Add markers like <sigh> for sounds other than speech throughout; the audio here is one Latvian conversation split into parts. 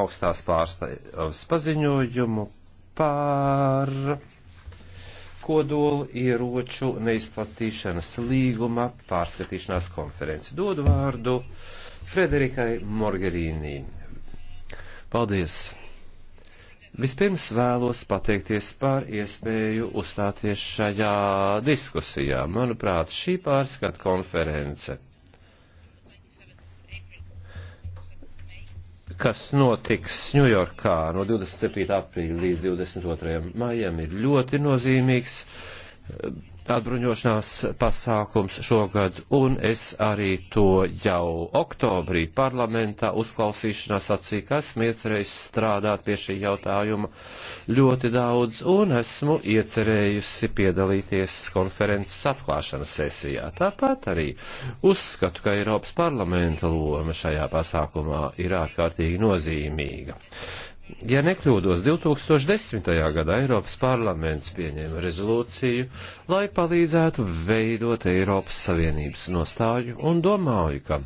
augstās pārstāvs paziņojumu par kodolu ieroču neizplatīšanas līguma pārskatīšanās konferenci. Dodu vārdu Frederikai Morgerīnī. Paldies! Vispirms vēlos pateikties par iespēju uzstāties šajā diskusijā. Manuprāt, šī pārskata konference kas notiks Ņujorkā no 27. aprīļa līdz 22. maijam, ir ļoti nozīmīgs atbruņošanās pasākums šogad, un es arī to jau oktobrī parlamentā uzklausīšanā sacīju, ka esmu iecerējis strādāt pie šī jautājuma ļoti daudz, un esmu iecerējusi piedalīties konferences atklāšanas sesijā. Tāpat arī uzskatu, ka Eiropas parlamenta loma šajā pasākumā ir ārkārtīgi nozīmīga. Ja nekļūdos, 2010. gadā Eiropas parlaments pieņēma rezolūciju, lai palīdzētu veidot Eiropas Savienības nostāju un domāju, ka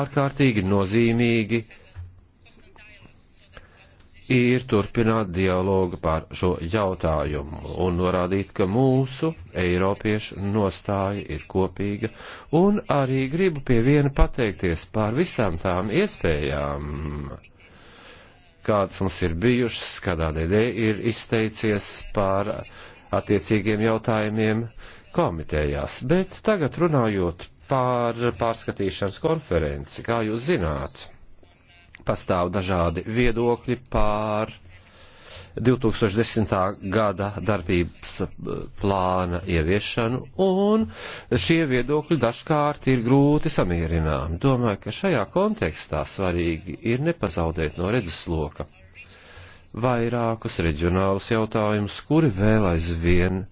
ārkārtīgi nozīmīgi ir turpināt dialogu par šo jautājumu un norādīt, ka mūsu eiropiešu nostāja ir kopīga, un arī gribu pie viena pateikties par visām tām iespējām, kādas mums ir bijušas, kādā dēļ ir izteicies par attiecīgiem jautājumiem komitējās. Bet tagad runājot par pārskatīšanas konferenci, kā jūs zināt, pastāv dažādi viedokļi pār 2010. gada darbības eh, plāna ieviešanu, un šie viedokļi dažkārt ir grūti samierināmi. Domāju, ka šajā kontekstā svarīgi ir nepazaudēt no redzesloka vairākus reģionālus jautājumus, kuri vēl aizvien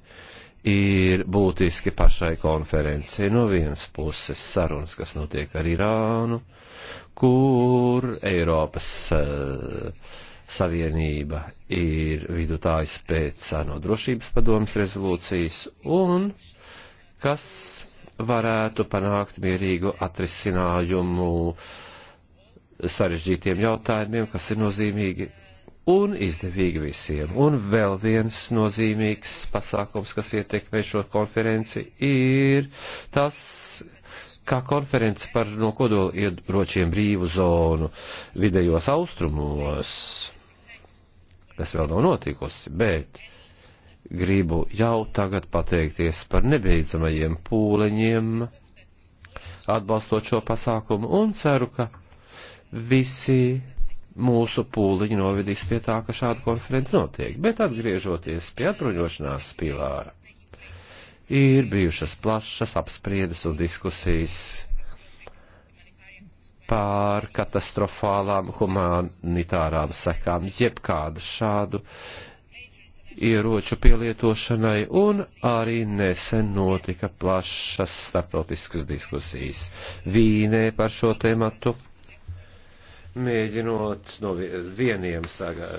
ir būtiski pašai konferencei. No vienas puses sarunas, kas notiek ar Irānu, kur Eiropas uh, Savienība ir vidutājs pēc ANO drošības padomas rezolūcijas un kas varētu panākt mierīgu atrisinājumu sarežģītiem jautājumiem, kas ir nozīmīgi un izdevīgi visiem. Un vēl viens nozīmīgs pasākums, kas ietekmē šo konferenci, ir tas, kā konference par no kodola ieročiem brīvu zonu vidējos austrumos kas vēl nav notikusi, bet gribu jau tagad pateikties par nebeidzamajiem pūleņiem, atbalstot šo pasākumu, un ceru, ka visi mūsu pūliņi novedīs pie tā, ka šāda konferences notiek. Bet atgriežoties pie atbruņošanās pilāra, ir bijušas plašas apspriedes un diskusijas pār katastrofālām humanitārām sekām, jebkādu šādu ieroču pielietošanai, un arī nesen notika plašas starptautiskas diskusijas Vīnē par šo tematu, mēģinot no vieniem saga,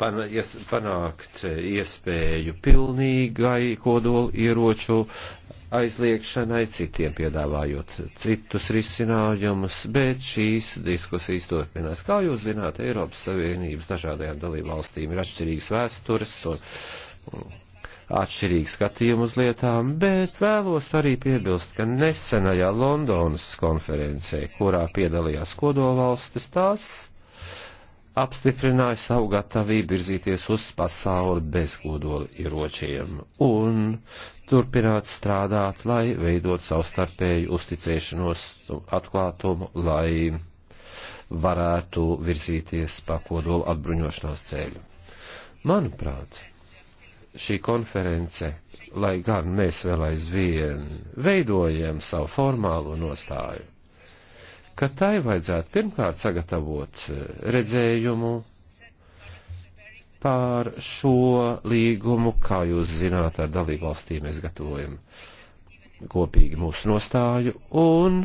pan, ies, panākt iespēju pilnīgai kodolu ieroču aizliekšanai, citiem piedāvājot citus risinājumus, bet šīs diskusijas turpinās. Kā jūs zināt, Eiropas Savienības dažādajām dalībvalstīm ir atšķirīgas vēstures un atšķirīgi skatījumu uz lietām, bet vēlos arī piebilst, ka nesenajā Londonas konferencē, kurā piedalījās kodolvalstis, tās apstiprināja savu gatavību virzīties uz pasauli bez kodola ieročiem un turpināt strādāt, lai veidot savstarpēju uzticēšanos atklātumu, lai varētu virzīties pa kodola atbruņošanās ceļu. Manuprāt, šī konference, lai gan mēs vēl aizvien veidojam savu formālo nostāju, ka tai vajadzētu pirmkārt sagatavot eh, redzējumu pār šo līgumu, kā jūs zināt, ar dalībvalstīm mēs gatavojam kopīgi mūsu nostāju, un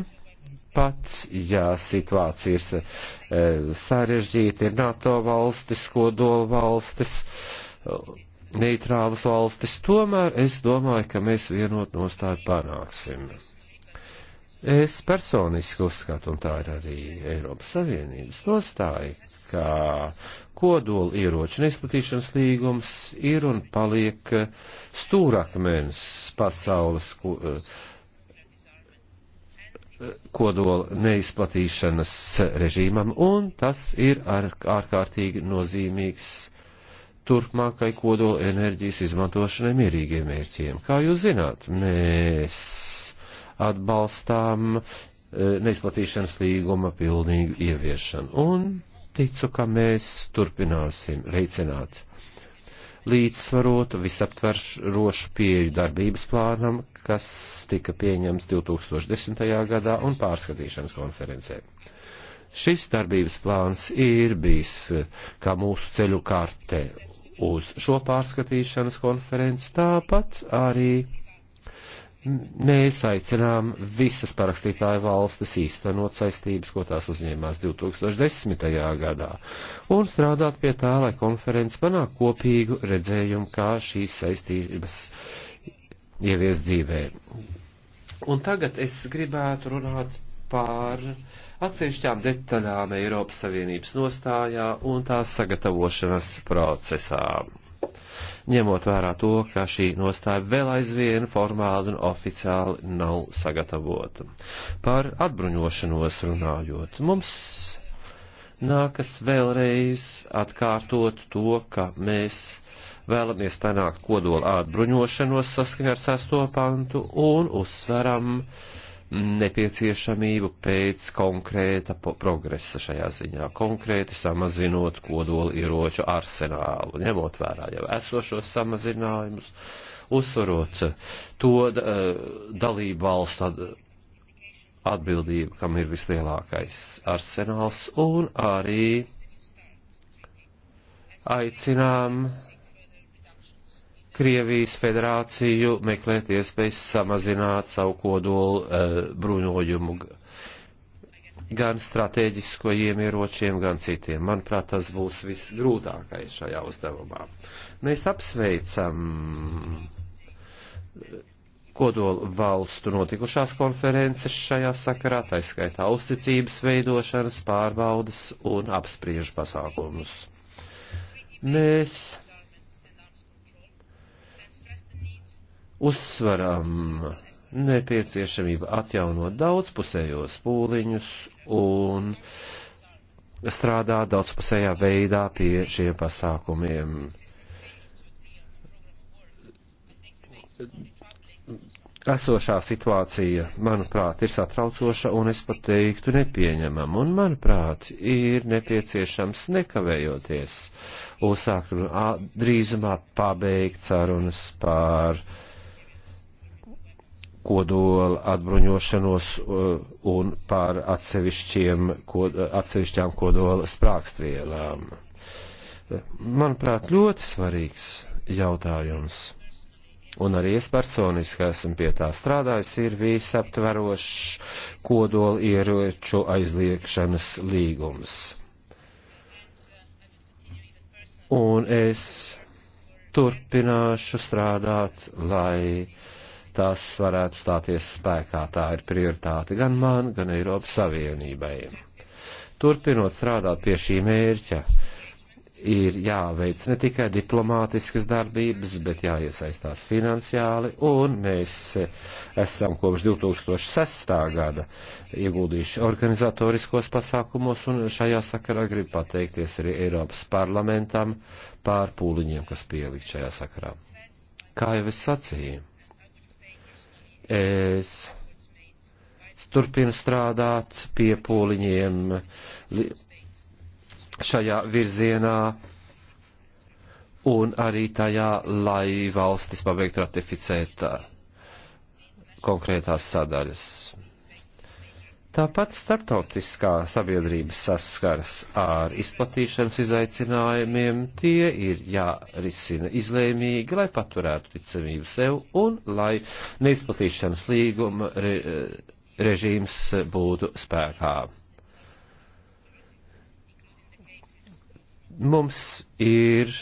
pats, ja situācija ir e, sarežģīta, ir NATO valstis, kodola valstis, neitrālas valstis, tomēr es domāju, ka mēs vienot nostāju panāksim. Es personiski uzskatu, un tā ir arī Eiropas Savienības nostāja, ka kodola ieroču neizplatīšanas līgums ir un paliek stūrakmens pasaules ko, kodola neizplatīšanas režīmam, un tas ir ārkārtīgi nozīmīgs turpmākai kodola enerģijas izmantošanai mierīgiem mērķiem. Kā jūs zināt, mēs atbalstām eh, neizplatīšanas līguma pilnīgu ieviešanu. Un ticu, ka mēs turpināsim veicināt līdzsvarotu, visaptveršošu pieju darbības plānam, kas tika pieņemts 2010. gadā un pārskatīšanas konferencē. Šis darbības plāns ir bijis eh, kā mūsu ceļu kartē uz šo pārskatīšanas konferenci, tāpat arī Mēs aicinām visas parakstītāju valstis īstenot saistības, ko tās uzņēmās 2010. gadā, un strādāt pie tā, lai konferences panāk kopīgu redzējumu, kā šīs saistības ievies dzīvē. Un tagad es gribētu runāt par atsevišķām detaļām Eiropas Savienības nostājā un tās sagatavošanas procesām ņemot vērā to, ka šī nostāja vēl aizvien formāli un oficiāli nav sagatavota. Par atbruņošanos runājot, mums nākas vēlreiz atkārtot to, ka mēs vēlamies panākt kodola atbruņošanos saskaņā ar sesto pantu un uzsveram uh, nepieciešamību pēc konkrēta progresa šajā ziņā, konkrēti samazinot kodola ieroču arsenālu, ņemot vērā jau esošos samazinājumus, uzsvarot to eh, dalību valstu atbildību, kam ir vislielākais arsenāls, un arī aicinām Krievijas federāciju meklēt iespējas samazināt savu kodolu e, bruņojumu gan strateģiskajiem ieročiem, gan citiem. Manuprāt, tas būs visgrūtākais šajā uzdevumā. Mēs apsveicam eh, kodolu valstu notikušās konferences šajā sakarā, taiskaitā uzticības veidošanas, pārbaudas un apspriežu pasākumus. Mēs uzsveram nepieciešamību atjaunot daudzpusējos pūliņus un strādāt daudzpusējā veidā pie šiem pasākumiem. Esošā situācija, manuprāt, ir satraucoša un es pat teiktu nepieņemama, un, manuprāt, ir nepieciešams nekavējoties uzsākt un drīzumā pabeigt sarunas pār uh, kodola atbruņošanos uh, un par kod, uh, atsevišķām kodola sprākstvielām. Manuprāt, ļoti svarīgs jautājums, un arī es personiski esmu pie tā strādājusi, ir visaptverošs kodola ieroču aizliekšanas līgums. Un es turpināšu strādāt, lai uh, tās varētu stāties spēkā. Tā ir prioritāte gan man, gan Eiropas Savienībai. Turpinot strādāt pie šī mērķa, ir jāveic ne tikai diplomātiskas darbības, bet jāiesaistās finansiāli, un mēs esam kopš 2006. gada ieguldījuši organizatoriskos pasākumos, un šajā sakarā gribu pateikties arī Eiropas parlamentam pār pūliņiem, kas pielikt šajā sakarā. Kā jau es sacīju, Es turpinu strādāt pie pūliņiem šajā virzienā un arī tajā, lai valstis pabeigtu ratificēt uh, konkrētās sadaļas. Tāpat starptautiskā sabiedrība saskaras ar izplatīšanas izaicinājumiem, tie ir jārisina izlēmīgi, lai paturētu ticamību sev un lai neizplatīšanas līguma re, režīms būtu spēkā. Mums ir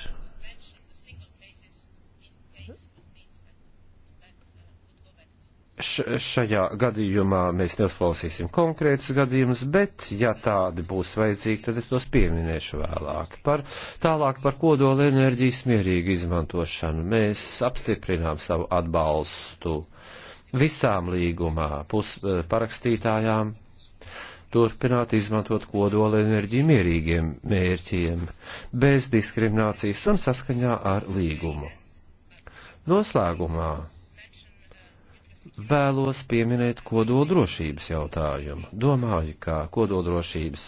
šajā gadījumā mēs neuzklausīsim konkrētus gadījumus, bet, ja tādi būs vajadzīgi, tad es tos pieminēšu vēlāk. Par, tālāk par kodola enerģijas mierīgu izmantošanu mēs apstiprinām savu atbalstu visām līgumā pus, eh, parakstītājām turpināt izmantot kodola enerģiju mierīgiem mērķiem, bez diskriminācijas un saskaņā ar līgumu. Noslēgumā vēlos pieminēt kodoldrošības jautājumu. Domāju, ka kodoldrošības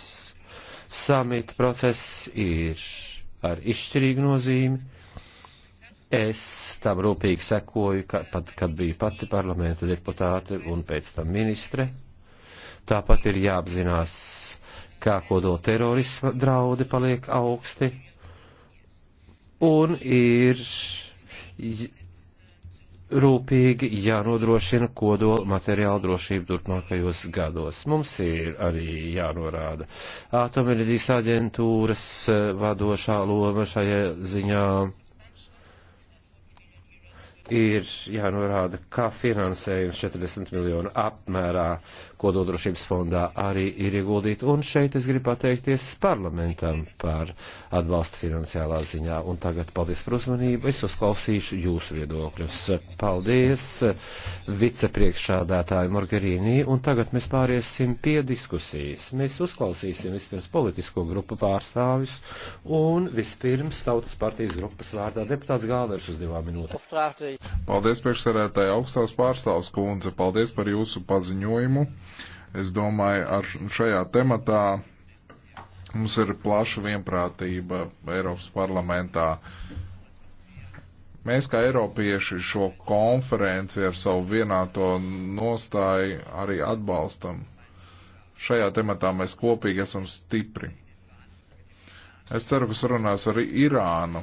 samita process ir ar izšķirīgu nozīmi. Es tam rūpīgi sekoju, ka, pat, kad biju pati parlamenta deputāte un pēc tam ministre. Tāpat ir jāapzinās, kā kodola terorisma draudi paliek augsti. Un ir rūpīgi jānodrošina kodola materiāla drošība turpmākajos gados. Mums ir arī jānorāda atomenerģijas aģentūras eh, vadošā loma šajā ziņā. Ir jānorāda, kā finansējums 40 miljonu apmērā, kodoldrošības fondā arī ir ieguldīti. Un šeit es gribu pateikties parlamentam par atbalstu finansiālā ziņā. Un tagad paldies par uzmanību. Es uzklausīšu jūsu viedokļus. Paldies vicepriekšādātāju Morgarīnī. Un tagad mēs pāriesim pie diskusijas. Mēs uzklausīsim vispirms politisko grupu pārstāvis un vispirms Tautas partijas grupas vārdā deputāts Gālers uz divām minūtēm. Paldies priekšsarētāji augstās pārstāvs kundze. Paldies par jūsu paziņojumu. Es domāju, ar šajā tematā mums ir plaša vienprātība Eiropas parlamentā. Mēs kā Eiropieši šo konferenci ar savu vienāto nostāju arī atbalstam. Šajā tematā mēs kopīgi esam stipri. Es ceru, ka sarunās ar Irānu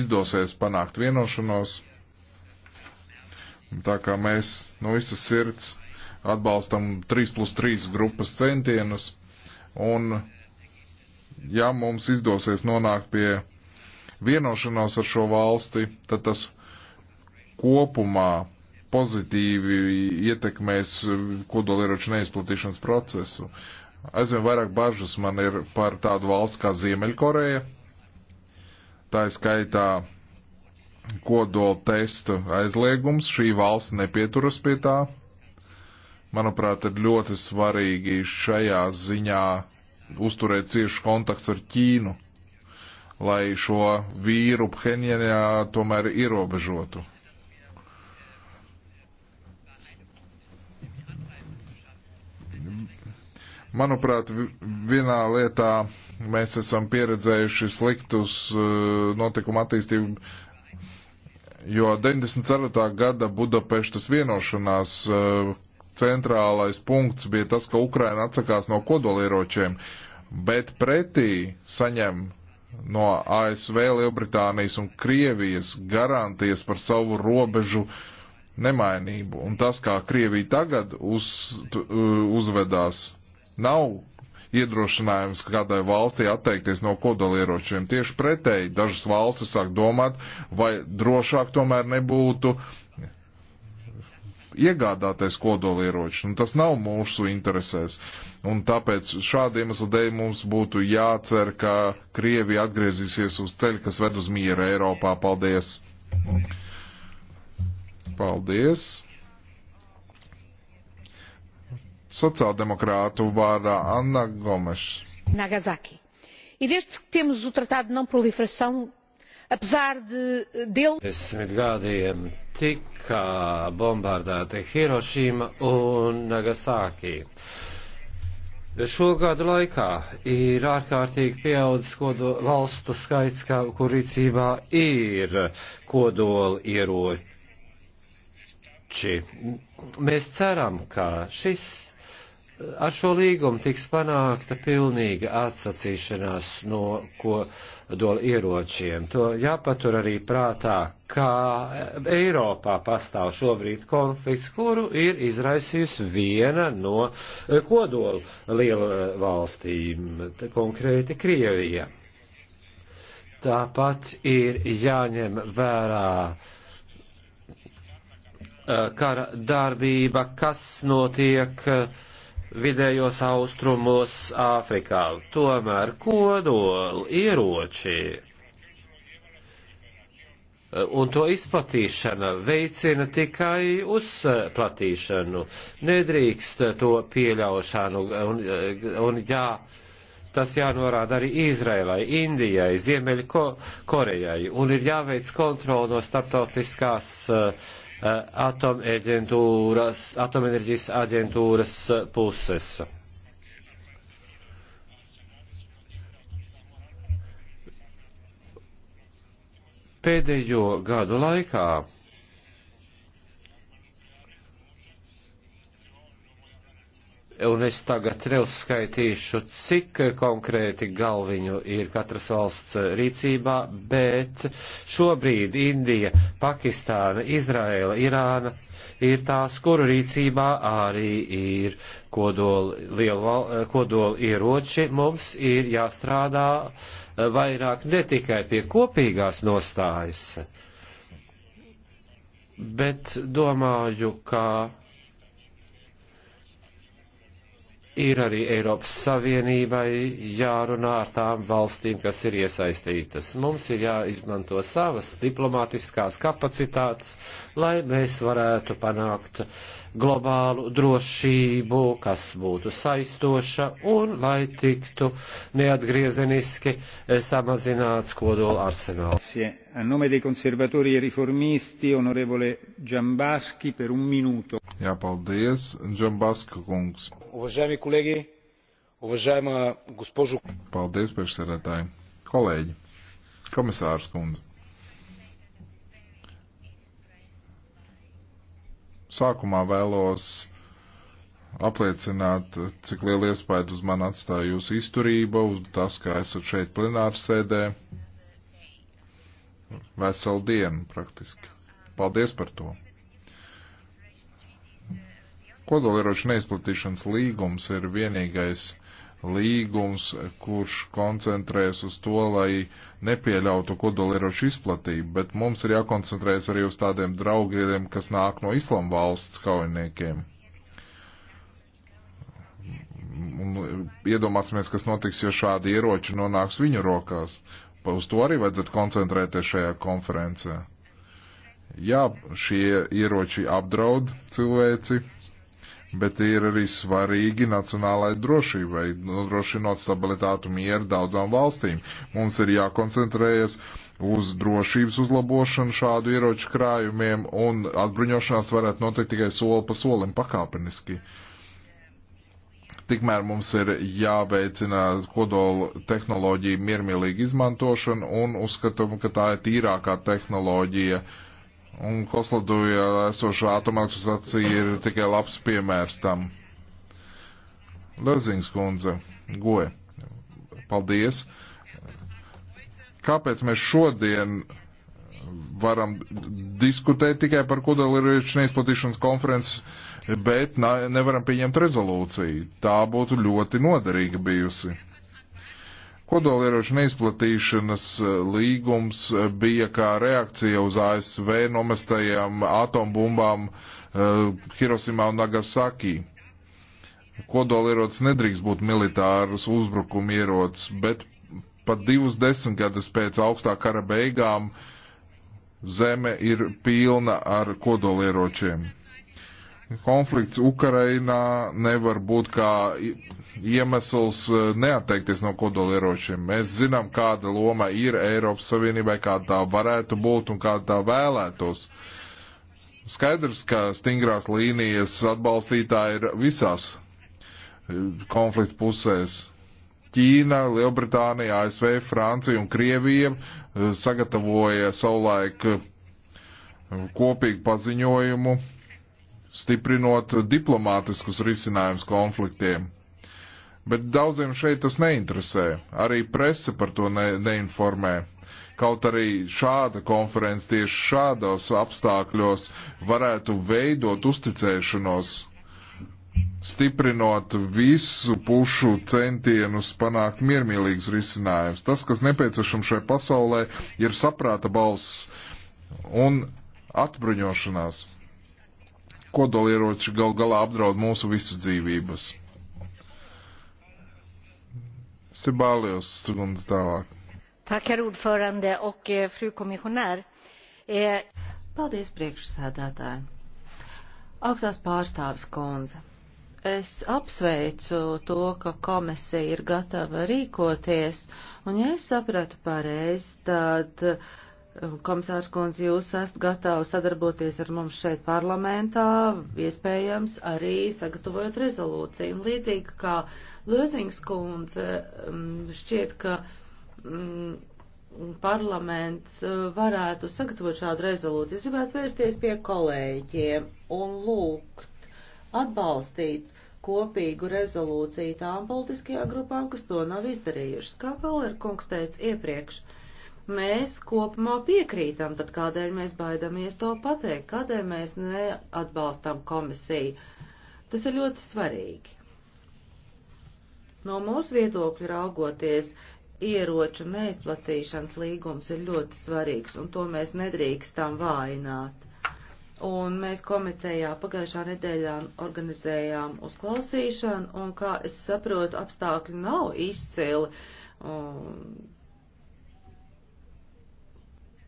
izdosies panākt vienošanos. Tā kā mēs no visas sirds atbalstam 3 plus 3 grupas centienus, un ja mums izdosies nonākt pie vienošanās ar šo valsti, tad tas kopumā pozitīvi ietekmēs kodolieroču neizplatīšanas procesu. Aizvien vairāk bažas man ir par tādu valsts kā Ziemeļkoreja. Tā ir skaitā kodola testu aizliegums. Šī valsts nepieturas pie tā manuprāt, ir ļoti svarīgi šajā ziņā uzturēt ciešu kontakts ar Ķīnu, lai šo vīru Phenjanā tomēr ierobežotu. Manuprāt, vienā lietā mēs esam pieredzējuši sliktus uh, notikumu attīstību jo 94. gada Budapeštas vienošanās uh, centrālais punkts bija tas, ka Ukraina atsakās no kodolieročiem, bet pretī saņem no ASV, Lielbritānijas un Krievijas garantijas par savu robežu nemainību. Un tas, kā Krievija tagad uz, uh, uzvedās, nav iedrošinājums kādai valstī atteikties no kodolieročiem. Tieši pretēji dažas valstis sāk domāt, vai drošāk tomēr nebūtu iegādāties kodolieroči, un nu, tas nav mūsu interesēs. Un tāpēc šāda iemesla dēļ mums būtu jācer, ka Krievija atgriezīsies uz ceļa, kas ved uz miera Eiropā. Paldies! Paldies! Sociāldemokrātu vārdā Anna Gomeša. Nagasaki. E desde que temos o Tratado de Não Proliferação, apesar de dele. Desmit gadiem tika bombardēti Hirošīma un Nagasaki. Šo gadu laikā ir ārkārtīgi pieaudzis kodo, valstu skaits, kā, kur rīcībā ir kodoli ieroči. Mēs ceram, ka šis ar šo līgumu tiks panākta pilnīga atsacīšanās no kodola ieročiem. To jāpatur arī prātā, kā Eiropā pastāv šobrīd konflikts, kuru ir izraisījusi viena no kodola liela valstīm, konkrēti Krievija. Tāpat ir jāņem vērā eh, kara darbība, kas notiek uh, vidējos austrumos Āfrikā. Tomēr kodoli ieroči un to izplatīšana veicina tikai uzplatīšanu. Nedrīkst to pieļaušanu un, un jā. Tas jānorāda arī Izraēlai, Indijai, Ziemeļkorejai, ko, un ir jāveic kontroli no starptautiskās uh, Eh, atomenerģijas atom aģentūras puses. Pēdējo gadu laikā un es tagad neuzskaitīšu, cik konkrēti galviņu ir katras valsts rīcībā, bet šobrīd Indija, Pakistāna, Izraela, Irāna ir tās, kuru rīcībā arī ir kodoli, lielu, kodoli ieroči. Mums ir jāstrādā vairāk ne tikai pie kopīgās nostājas, bet domāju, ka ir arī Eiropas Savienībai jārunā ar tām valstīm, kas ir iesaistītas. Mums ir jāizmanto savas diplomatiskās kapacitātes, lai mēs varētu panākt uh, globālu drošību, kas būtu saistoša un lai tiktu neatgriezeniski eh, samazināts kodola arsenāls. A nome dei conservatori e riformisti, onorevole Giambaschi, per un minuto. Jā, paldies, Džambaska kungs. Уважаеми колеги, уважаема госпожо. Paldies, priekšsēdētāji. Kolēģi, komisārs kundze. Sākumā vēlos apliecināt, cik lielu iespēju uz mani atstāja jūsu izturība, uz tas, ka esat šeit plenāru sēdē. Veselu dienu praktiski. Paldies par to. Kodolieroču neizplatīšanas līgums ir vienīgais līgums, kurš koncentrēs uz to, lai nepieļautu kodolieroču izplatību, bet mums ir jākoncentrēs arī uz tādiem draugiem, kas nāk no islam valsts kaujiniekiem. Un iedomāsimies, kas notiks, ja šādi ieroči nonāks viņu rokās. Uz to arī vajadzētu koncentrēties šajā konferencē. Jā, šie ieroči apdraud cilvēci, bet ir arī svarīgi nacionālai drošībai, nodrošinot stabilitātu mieru daudzām valstīm. Mums ir jākoncentrējas uz drošības uzlabošanu šādu ieroču krājumiem, un atbruņošanās varētu notikt tikai soli pa solim pakāpeniski. Tikmēr mums ir jāveicina kodola tehnoloģija miermīlīgi izmantošana, un uzskatām, ka tā ir tīrākā tehnoloģija uh, Un Kosloduja esošā atomelektrostacija ir tikai labs piemērs tam. Lezings kundze, goja. Paldies. Kāpēc mēs šodien varam diskutēt tikai par kodolieroču neizplatīšanas konferences, bet nevaram pieņemt rezolūciju? Tā būtu ļoti noderīga bijusi. Kodolieroču neizplatīšanas e, līgums e, bija kā reakcija uz ASV nomestajām atombumbām e, Hirosimā un Nagasaki. Kodolierocis nedrīkst būt militārus uzbrukumu ierocis, bet pat divus desmitgadus pēc augstā kara beigām zeme ir pilna ar kodolieročiem. Konflikts Ukrainā nevar būt kā iemesls eh, neatteikties no kodolieročiem. Mēs zinām, kāda loma ir Eiropas Savienībai, kāda tā varētu būt un kāda tā vēlētos. Skaidrs, ka stingrās līnijas atbalstītāji ir visās eh, konflikta pusēs. Ķīna, Lielbritānija, ASV, Francija un Krievija eh, sagatavoja savulaik kopīgu paziņojumu, stiprinot diplomātiskus risinājumus konfliktiem. Bet daudziem šeit tas neinteresē. Arī presa par to ne, neinformē. Kaut arī šāda konference tieši šādos apstākļos varētu veidot uzticēšanos, stiprinot visu pušu centienus panākt miermīlīgs risinājums. Tas, kas nepieciešams šai pasaulē, ir saprāta balss un atbruņošanās. Kodolieroči gal galā apdraud mūsu visu dzīvības. Sibālijos sekundes tālāk. Tak, herr ordförande och eh, fru komisionär. Eh, Paldies priekšsēdētāji. Augstās pārstāvis kundze. Es apsveicu to, ka komisija ir gatava rīkoties, un ja es sapratu pareizi, tad uh, Komisārs Kunz, jūs esat gatavi sadarboties ar mums šeit parlamentā, iespējams arī sagatavojot rezolūciju. Un līdzīgi kā Lozings Kunz, mm, šķiet, ka mm, parlaments e, varētu sagatavot šādu rezolūciju. Es gribētu vērsties pie kolēģiem un lūgt atbalstīt kopīgu rezolūciju tām politiskajām grupām, kas to nav izdarījušas. Kā Pellerkungs teica iepriekš. Uh, mēs kopumā piekrītam, tad kādēļ mēs baidamies to pateikt, kādēļ mēs neatbalstam komisiju. Tas ir ļoti svarīgi. No mūsu viedokļa raugoties, ieroču neizplatīšanas līgums ir ļoti svarīgs, un to mēs nedrīkstam vājināt. Un mēs komitejā pagājušā nedēļā organizējām uzklausīšanu, un, kā es saprotu, apstākļi nav izcili. Um,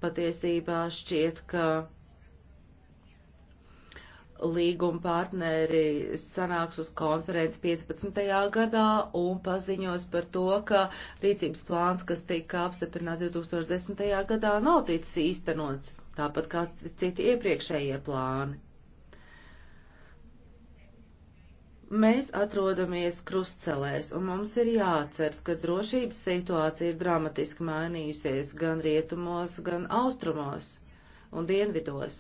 patiesībā šķiet, ka līguma partneri sanāks uz konferenci 15. gadā un paziņos par to, ka rīcības plāns, kas tika apstiprināts 2010. gadā, nav ticis īstenots, tāpat kā citi iepriekšējie plāni. Mēs atrodamies krustcelēs, un mums ir jāatceras, ka drošības situācija ir dramatiski mainījusies gan rietumos, gan austrumos un dienvidos.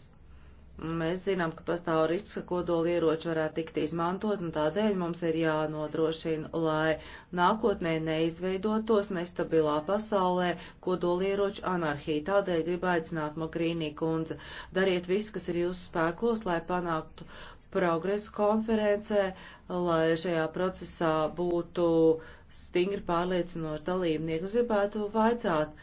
Mēs zinām, ka pastāv risks, ka kodoli ieroči varētu tikt izmantot, un tādēļ mums ir jānodrošina, lai nākotnē neizveidotos nestabilā pasaulē kodoli ieroču anarhija. Tādēļ gribu aicināt Mogrīnī kundze, dariet visu, kas ir jūsu spēkos, lai panāktu progresu konferencē, lai šajā procesā būtu stingri pārliecinoši dalībnieki. Es gribētu vaicāt,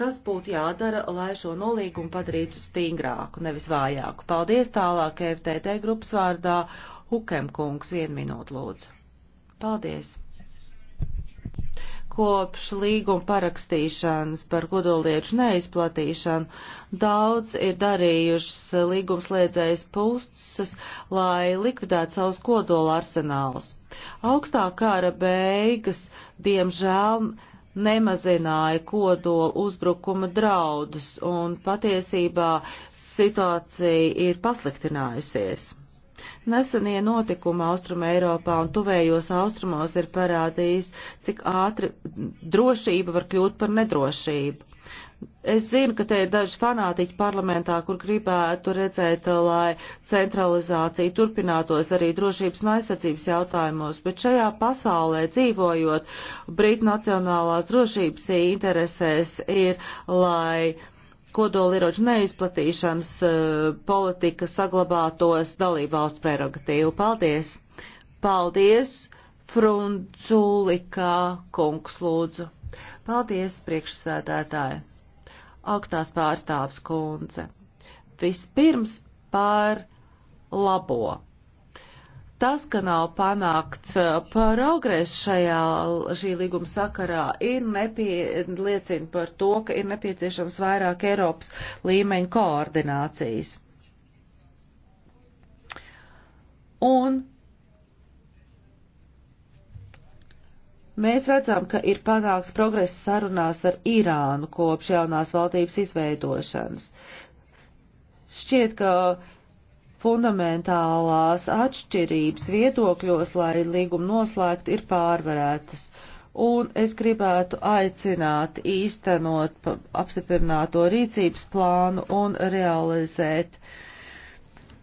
kas būtu jādara, lai šo nolīgumu padarītu stingrāku, nevis vājāku. Paldies tālāk FTT grupas vārdā. Hukemkungs, vienu minūtu lūdzu. Paldies! kopš līguma parakstīšanas par kodolietu neizplatīšanu. Daudz ir darījušas līgumslēdzējas puses, lai likvidētu savus kodola arsenālus. Augstā kara beigas, diemžēl, nemazināja kodola uzbrukuma draudus, un patiesībā situācija ir pasliktinājusies. Nesenie notikumi Austrum Eiropā un tuvējos austrumos ir parādījis, cik ātri drošība var kļūt par nedrošību. Es zinu, ka te ir daži fanātiķi parlamentā, kur gribētu redzēt, lai centralizācija turpinātos arī drošības un aizsardzības jautājumos, bet šajā pasaulē dzīvojot, Brīt nacionālās drošības interesēs ir, lai uh, kodolieroču neizplatīšanas e, politika saglabātos dalībvalstu prerogatīvu. Paldies! Paldies, Frunzulikā kungs lūdzu! Paldies, priekšsēdētāji! Augstās pārstāvs kundze! Vispirms par labo Tas, ka nav panākts uh, progress šajā šī līguma sakarā, ir nepie, liecina par to, ka ir nepieciešams vairāk Eiropas līmeņa koordinācijas. Un mēs redzam, ka ir panāks progress sarunās ar Irānu kopš jaunās valdības izveidošanas. Šķiet, ka fundamentālās atšķirības viedokļos, lai līgumu noslēgtu, ir pārvarētas. Un es gribētu aicināt īstenot apstiprināto rīcības plānu un realizēt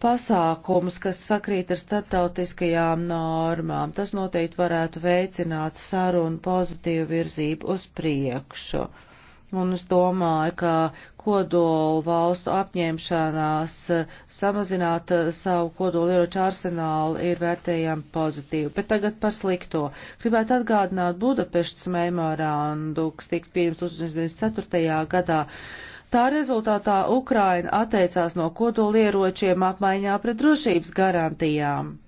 pasākumus, kas sakrīt ar starptautiskajām normām. Tas noteikti varētu veicināt sarunu pozitīvu virzību uz priekšu. Un es domāju, ka kodolu valstu apņemšanās samazināt savu kodolu ieroču arsenālu ir vērtējama pozitīvi. Bet tagad par slikto. Gribētu atgādināt Budapeštas memorandu, kas tika pieņemts 1994. gadā. Tā rezultātā Ukraina atteicās no kodolieročiem apmaiņā pret drošības garantijām.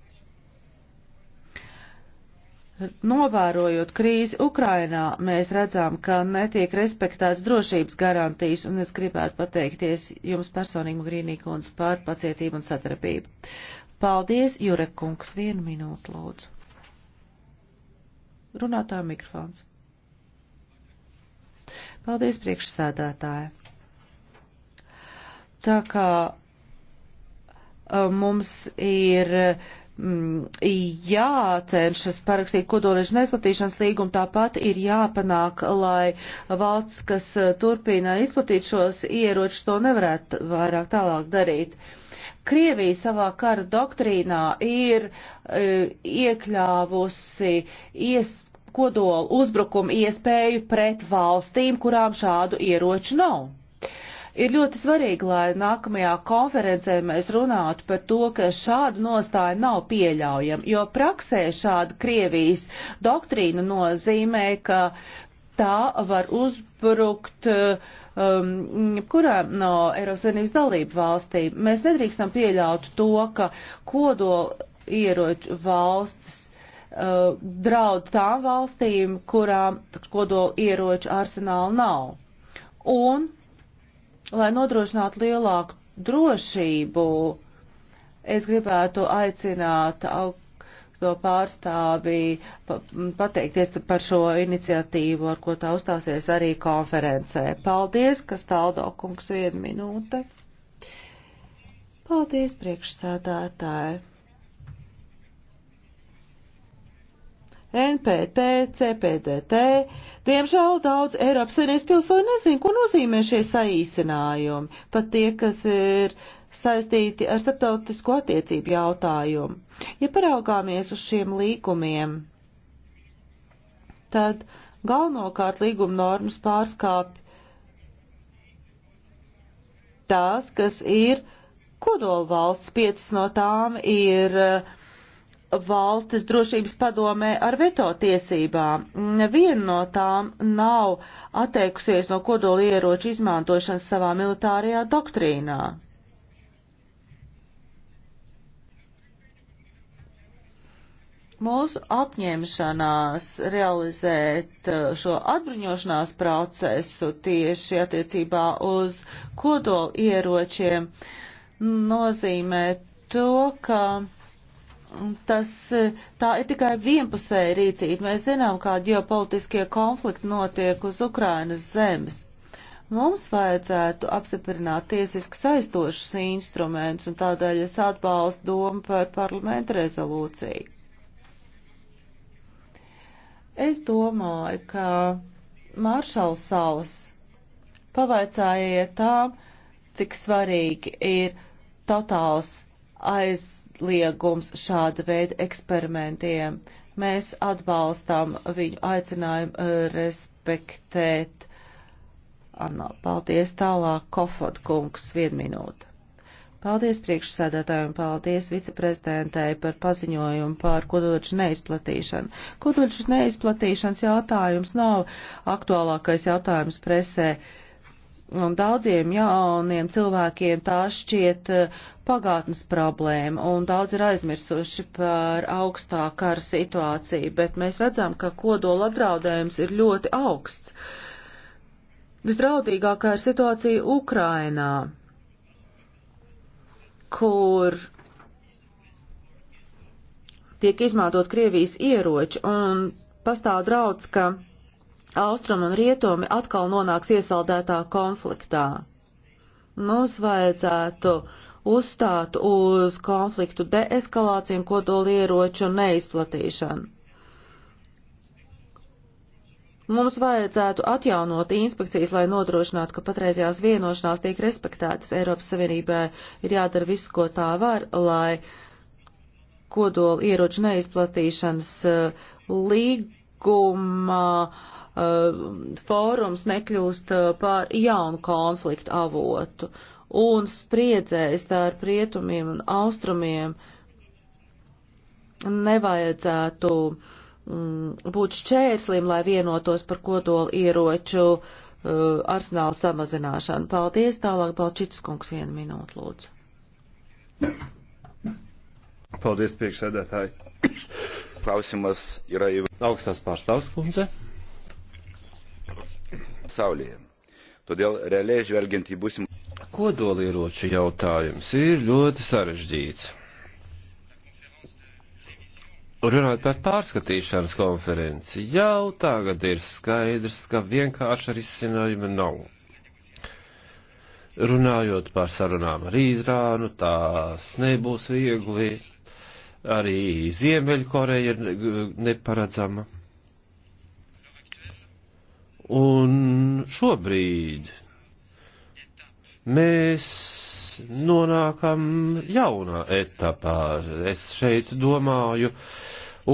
Novērojot krīzi Ukrainā, mēs redzam, ka netiek respektēts drošības garantijas, un es gribētu pateikties jums personīgi, Grīnīkons, par pacietību un sadarbību. Paldies, Jurekungs, vienu minūtu lūdzu. Runātā mikrofons. Paldies, priekšsēdētāji. Tā kā uh, mums ir Mm, jācenšas parakstīt kodoliežu neizplatīšanas līgumu, tāpat ir jāpanāk, lai valsts, kas uh, turpina izplatīt šos ieročus, to nevarētu vairāk tālāk darīt. Krievija savā kara doktrīnā ir uh, iekļāvusi ies, kodolu uzbrukumu iespēju pret valstīm, kurām šādu ieroču nav. Ir ļoti svarīgi, lai nākamajā konferencē mēs runātu par to, ka šāda nostāja nav pieļaujama, jo praksē šāda Krievijas doktrīna nozīmē, ka tā var uzbrukt um, kurām no Eiropas Savienības dalību valstīm. Mēs nedrīkstam pieļaut to, ka kodola ieroču valstis uh, draud tām valstīm, kurām kodola ieroču arsenāla nav. Un Lai nodrošinātu lielāku drošību, es gribētu aicināt augsto pārstāvi pateikties par šo iniciatīvu, ar ko tā uzstāsies arī konferencē. Paldies, kas taldo kungs vienu minūte. Paldies, priekšsēdētāji. NPT, CPDT. Diemžēl daudz Eiropas Savienības pilsoņu nezin, ko nozīmē šie saīsinājumi, pat tie, kas ir saistīti ar starptautisko attiecību jautājumu. Ja paraugāmies uz šiem līkumiem, tad galvenokārt līguma normas pārskāpj tās, kas ir kodola valsts, piecas no tām ir uh, valstis drošības padomē ar veto tiesībām. Neviena no tām nav atteikusies no kodola ieroču izmantošanas savā militārajā doktrīnā. Mūsu apņemšanās realizēt uh, šo atbruņošanās procesu tieši attiecībā uz kodola ieročiem nozīmē to, ka Tas, e, tā ir tikai vienpusēja rīcība. Mēs zinām, kā ģeopolitiskie konflikti notiek uz Ukrainas zemes. Mums vajadzētu apstiprināt tiesiski saistošus instrumentus, un tādēļ es atbalstu domu par parlamentu rezolūciju. Es domāju, ka Maršals salas pavaicājiet tām, cik svarīgi ir totāls aiz aizliegums šāda veida eksperimentiem. Mēs atbalstām viņu aicinājumu uh, respektēt. Anna, paldies tālāk, Kofod kungs, vienu minūtu. Paldies priekšsēdētājiem, paldies viceprezidentei par paziņojumu par kodoču neizplatīšanu. Kodoču neizplatīšanas jautājums nav aktuālākais jautājums presē. Uh, Un daudziem jauniem cilvēkiem tā šķiet eh, pagātnes problēma, un daudz ir aizmirsuši par augstā kara situāciju, bet mēs redzam, ka kodola apdraudējums ir ļoti augsts. Visdraudīgākā ir situācija Ukrainā, kur tiek izmantot Krievijas ieroči, un pastāv draudz, ka austrumi un rietumi atkal nonāks iesaldētā konfliktā. Mums vajadzētu uzstāt uz konfliktu deeskalāciju un kodolieroču neizplatīšanu. Mums vajadzētu atjaunot inspekcijas, lai nodrošinātu, ka patreizējās vienošanās tiek respektētas. Eiropas Savienībai ir jādara viss, ko tā var, lai kodola ieroču neizplatīšanas eh, līgumā uh, Uh, fórums nekļūst uh, par jaunu konfliktu avotu un spriedzējas starp rietumiem un austrumiem nevajadzētu mm, būt šķērslim, lai vienotos par kodolu ieroču uh, arsenāla samazināšanu. Paldies, tālāk Balčitis kungs vienu minūtu lūdzu. Paldies, priekšsēdētāji. <coughs> Klausimas ir jau. Augstās pārstāvs kundze. Saulėje. Todėl realiai žvelgiant į būsimą. Kodolieroču jautājums ir ļoti sarežģīts. Runājot par pārskatīšanas konferenci, jau tagad ir skaidrs, ka vienkārša risinājuma nav. Runājot par sarunām ar Izrānu, tās nebūs viegli. Arī Ziemeļkoreja ir neparedzama. Un šobrīd mēs nonākam jaunā etapā. Es šeit domāju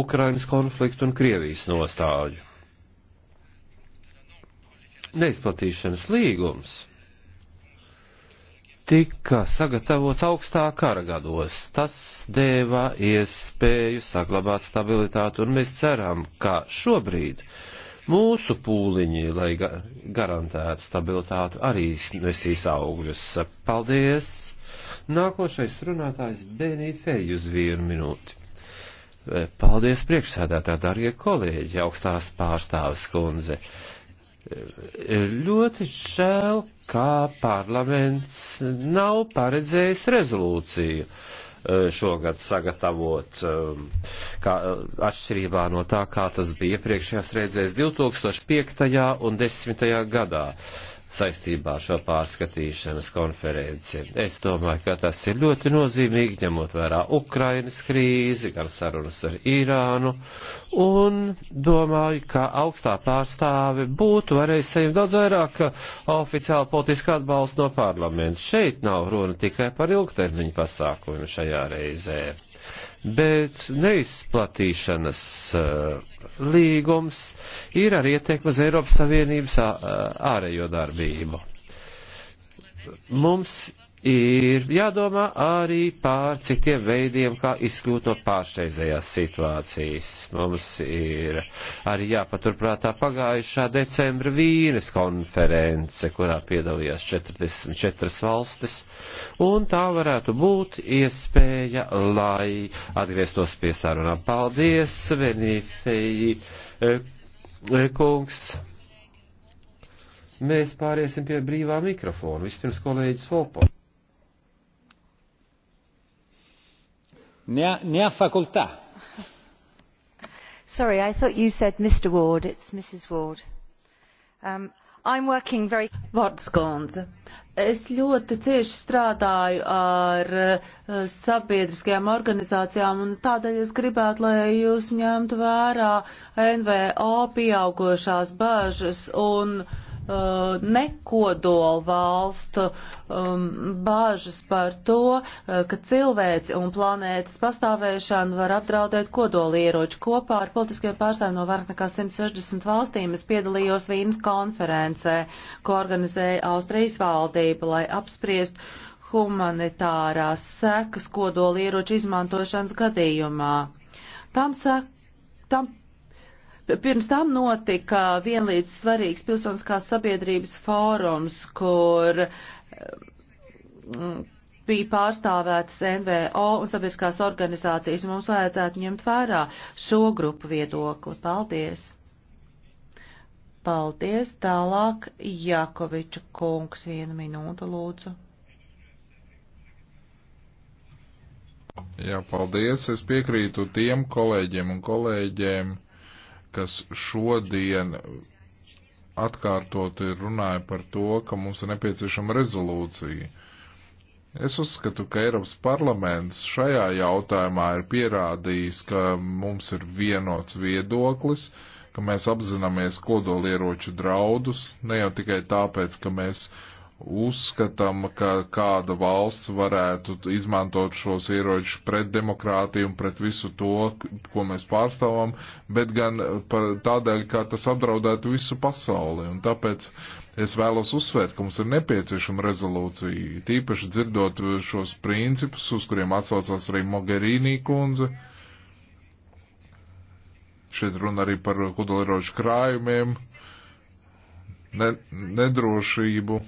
Ukrainas konfliktu un Krievijas nostāju. Neizplatīšanas līgums tika sagatavots augstā kara gados. Tas deva iespēju saglabāt stabilitāti, un mēs ceram, ka šobrīd Mūsu pūliņi, lai garantētu stabilitātu, arī nesīs augļus. Paldies! Nākošais runātājs Benī Fejus vienu minūti. Paldies priekšsēdētā, darbie kolēģi, augstās pārstāvis kundze. Ļoti žēl, kā parlaments nav paredzējis rezolūciju Eh, šogad sagatavot, eh, kā, eh, atšķirībā no tā, kā tas bija iepriekšējās redzēs 2005. un 2010. gadā saistībā ar šo pārskatīšanas konferenci. Es domāju, ka tas ir ļoti nozīmīgi, ņemot vērā Ukrainas krīzi, gan sarunas ar Irānu, un domāju, ka augstā pārstāve būtu varējis saņemt daudz vairāk oficiālu politisku atbalstu no parlamenta. Šeit nav runa tikai par ilgtermiņu pasākumu šajā reizē bet neizplatīšanas eh, līgums ir ar ietekmi uz Eiropas Savienības ārējo darbību. Mums ir jādomā arī pār citiem veidiem, kā izkļūt no pārsteizējās situācijas. Mums ir arī jāpaturprātā pagājušā decembra vīnes konference, kurā piedalījās 44 valstis, un tā varētu būt iespēja, lai atgrieztos pie sarunām. Paldies, Venifeji eh, eh, kungs! Mēs pāriesim pie brīvā mikrofona. Vispirms kolēģis Volpo. Ne ha, ne ha facoltà. <laughs> Sorry, I thought you said Mr. Ward. It's Mrs. Ward. Um, I'm working very... Vārds Gonze. Es ļoti cieši strādāju ar uh, sabiedriskajām organizācijām, un tādēļ es gribētu, lai jūs ņemtu vērā NVO pieaugošās bažas un uh, Uh, nekodola valstu um, bāžas par to, uh, ka cilvēci un planētas pastāvēšanu var apdraudēt kodola ieroču. Kopā ar politiskiem pārstāvjiem no vairāk nekā 160 valstīm es piedalījos Vīnas konferencē, ko organizēja Austrijas valdība, lai apspriest humanitārās sekas kodolieroču izmantošanas gadījumā. Tam, sek, tam Pirms tam notika vienlīdz svarīgs pilsoniskās sabiedrības fórums, kur mm, bija pārstāvētas NVO un sabiedriskās organizācijas, un mums vajadzētu ņemt vērā šo grupu viedokli. Paldies! Paldies! Tālāk Jakoviča kungs vienu minūtu lūdzu. Jā, paldies! Es piekrītu tiem kolēģiem un kolēģiem, kas šodien atkārtoti runāja par to, ka mums ir nepieciešama rezolūcija. Es uzskatu, ka Eiropas parlaments šajā jautājumā ir pierādījis, ka mums ir vienots viedoklis, ka mēs apzināmies kodolieroču draudus, ne jau tikai tāpēc, ka mēs uh, uzskatām, ka kāda valsts varētu izmantot šos ieročus pret demokrātiju un pret visu to, ko mēs pārstāvam, bet gan tādēļ, ka tas apdraudētu visu pasauli. Un tāpēc es vēlos uzsvērt, ka mums ir nepieciešama rezolūcija, tīpaši dzirdot šos principus, uz kuriem atsaucās arī Mogherīnī kundze. Šeit runa arī par kodolieroču krājumiem, ne, nedrošību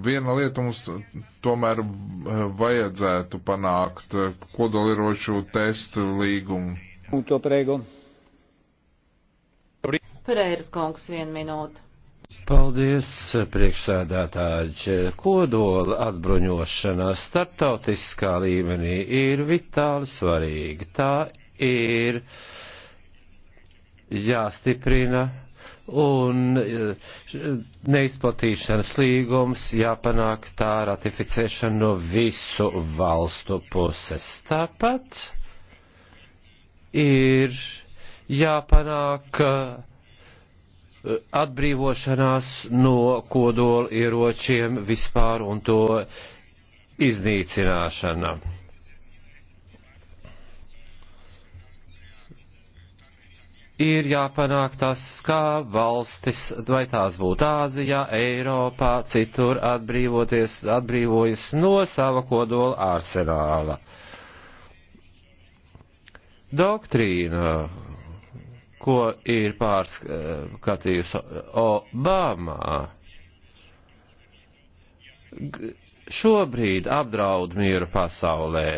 Viena lieta mums tomēr eh, vajadzētu panākt eh, kodolieroču testu līgumu. Punto prego. Pereiras kungs, vienu minūtu. Paldies, priekšsēdētāji. Kodola atbruņošana startautiskā līmenī ir vitāli svarīga. Tā ir jāstiprina un eh, neizplatīšanas līgums jāpanāk tā ratificēšana no visu valstu puses. Tāpat ir jāpanāk eh, atbrīvošanās no kodola ieročiem vispār un to iznīcināšana. ir jāpanāk tas, kā valstis, vai tās būtu Āzijā, Eiropā, citur atbrīvoties, atbrīvojas no sava kodola arsenāla. Doktrīna, ko ir pārskatījusi Obama, šobrīd apdraud mieru pasaulē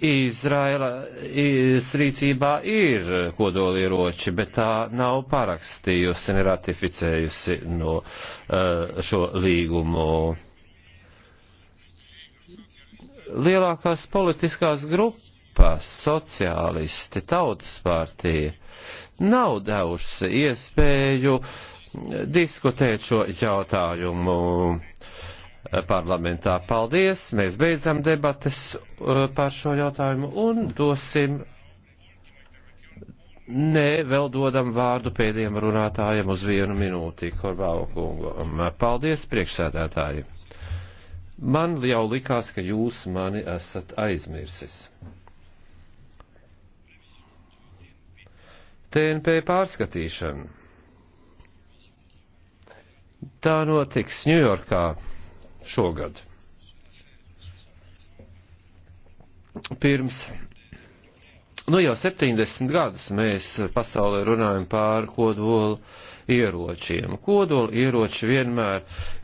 Izraēlas rīcībā ir kodolieroči, bet tā nav parakstījusi, neratificējusi no eh, šo līgumu. Lielākās politiskās grupas, sociālisti, tautas partija, nav devušas iespēju diskutēt šo jautājumu parlamentā. Paldies! Mēs beidzam debates uh, par šo jautājumu un dosim. Nē, vēl dodam vārdu pēdējiem runātājiem uz vienu minūti, Korbāvu kungam. Paldies, priekšsēdētāji. Man jau likās, ka jūs mani esat aizmirsis. TNP pārskatīšana. Tā notiks Ņujorkā šogad. Pirms nu jau 70 gadus mēs pasaulē runājam pār kodolu ieročiem. Kodoli ieroči vienmēr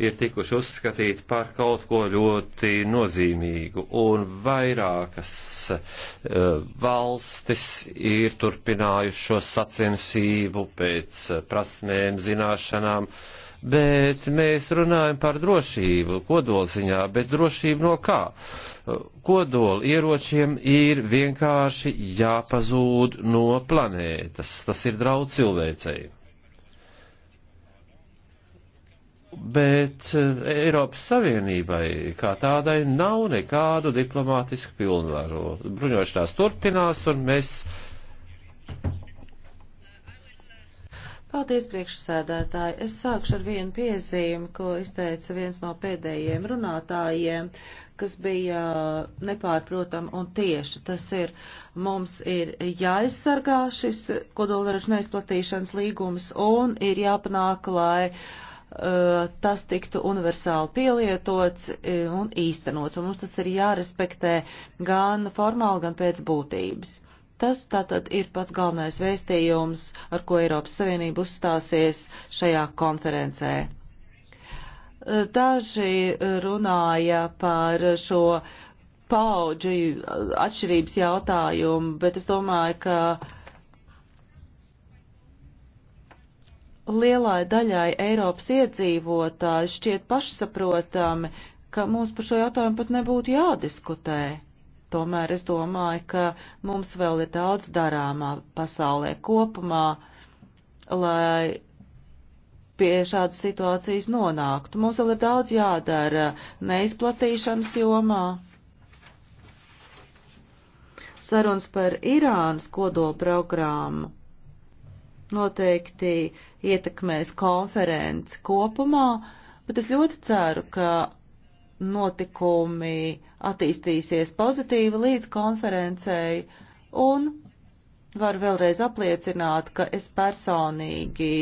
ir tikuši uzskatīti par kaut ko ļoti nozīmīgu, un vairākas uh, valstis ir turpinājušo sacensību pēc prasmēm, zināšanām, uh, bet mēs runājam par drošību kodolziņā, bet drošību no kā? Kodoli ieročiem ir vienkārši jāpazūd no planētas. Tas ir draudz cilvēcei. Bet eh, Eiropas Savienībai kā tādai nav nekādu diplomātisku pilnvaru. Bruņošanās turpinās un mēs Paldies, priekšsēdētāji. Es sākšu ar vienu piezīmi, ko izteica viens no pēdējiem runātājiem, kas bija nepārprotam un tieši. Tas ir, mums ir jāaizsargā šis kodolražu neizplatīšanas līgums un ir jāpanāk, lai uh, tas tiktu universāli pielietots uh, un īstenots, un mums tas ir jārespektē gan formāli, gan pēc būtības. Tas tātad ir pats galvenais vēstījums, ar ko Eiropas Savienība uzstāsies šajā konferencē. Daži runāja par šo paudžu atšķirības jautājumu, bet es domāju, ka lielai daļai Eiropas iedzīvotāji šķiet pašsaprotami, ka mums par šo jautājumu pat nebūtu jādiskutē. Tomēr es domāju, ka mums vēl ir daudz darāmā pasaulē kopumā, lai pie šādas situācijas nonāktu. Mums vēl ir daudz jādara neizplatīšanas jomā. Sarunas par Irānas kodolprogrammu noteikti ietekmēs konferenci kopumā, bet es ļoti ceru, ka notikumi attīstīsies pozitīvi līdz konferencei un var vēlreiz apliecināt, ka es personīgi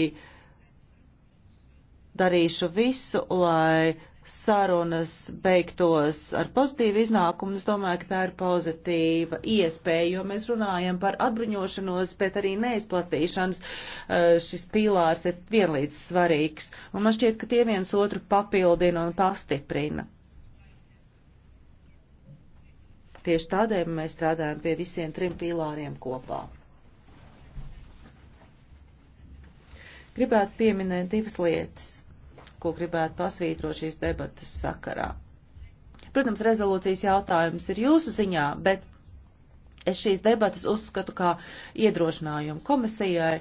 darīšu visu, lai sarunas beigtos ar pozitīvu iznākumu. Es domāju, ka tā ir pozitīva iespēja, jo mēs runājam par atbruņošanos, bet arī neizplatīšanas. Eh, šis pīlārs ir vienlīdz svarīgs. Un man šķiet, ka tie viens otru papildina un pastiprina. Tieši tādēļ mēs strādājam pie visiem trim pīlāriem kopā. Gribētu pieminēt divas lietas, ko gribētu pasvītrot šīs debatas sakarā. Protams, rezolūcijas jautājums ir jūsu ziņā, bet es šīs debatas uzskatu kā iedrošinājumu komisijai,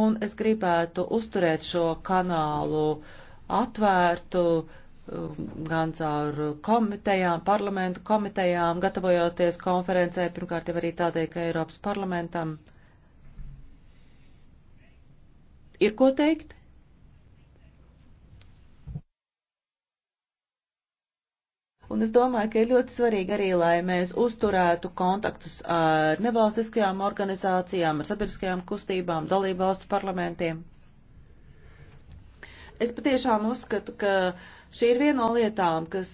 un es gribētu uzturēt šo kanālu atvērtu, uh, gan caur komitejām, parlamentu komitejām, gatavojoties konferencē, pirmkārt jau arī tādēļ, ka Eiropas parlamentam ir ko teikt. Un es domāju, ka ir ļoti svarīgi arī, lai mēs uzturētu kontaktus ar nevalstiskajām organizācijām, ar sabiedriskajām kustībām, dalību valstu parlamentiem. Es patiešām uzskatu, ka šī ir viena no lietām, kas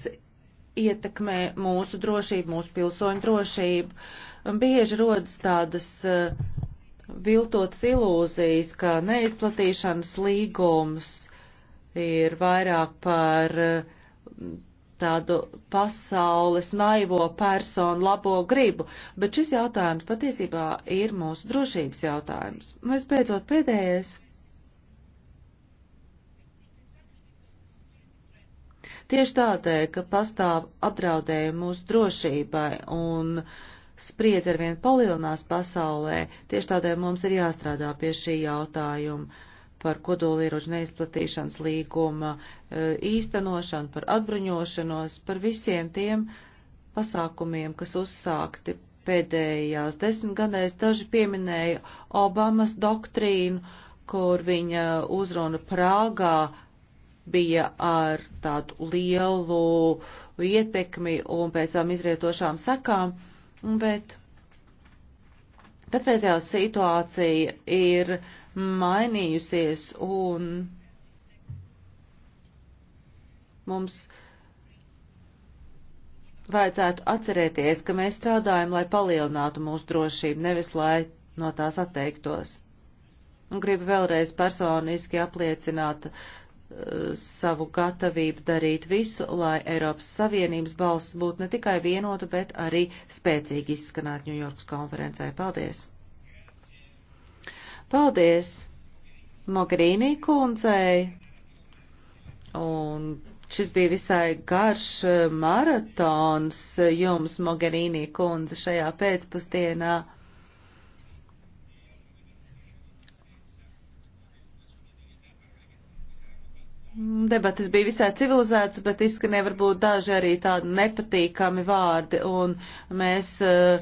ietekmē mūsu drošību, mūsu pilsoņu drošību. Bieži rodas tādas eh, viltotas ilūzijas, ka neizplatīšanas līgums ir vairāk par eh, tādu pasaules naivo personu labo gribu, bet šis jautājums patiesībā ir mūsu drošības jautājums. Mēs beidzot pēdējais. Tieši tādēļ, ka pastāv apdraudējumi mūsu drošībai un spriedz arvien palielinās pasaulē, tieši tādēļ mums ir jāstrādā pie šī jautājuma par kodolieroču neizplatīšanas līguma e, īstenošanu, par atbruņošanos, par visiem tiem pasākumiem, kas uzsākti pēdējās desmitgadēs. Daži pieminēja Obamas doktrīnu, kur viņa uzruna Prāgā bija ar tādu lielu ietekmi un pēc tam izrietošām sakām, bet patreizējā situācija ir mainījusies un mums vajadzētu atcerēties, ka mēs strādājam, lai palielinātu mūsu drošību, nevis lai no tās atteiktos. Un gribu vēlreiz personiski apliecināt savu gatavību darīt visu, lai Eiropas Savienības balss būtu ne tikai vienota, bet arī spēcīgi izskanāt Ņujorkas konferencē. Paldies! Paldies Mogherīnī kundzei! Un šis bija visai garš maratons jums, Mogherīnī kundze, šajā pēcpusdienā. Debates bija visai civilizētas, bet izskanēja varbūt daži arī tādi nepatīkami vārdi, un mēs eh,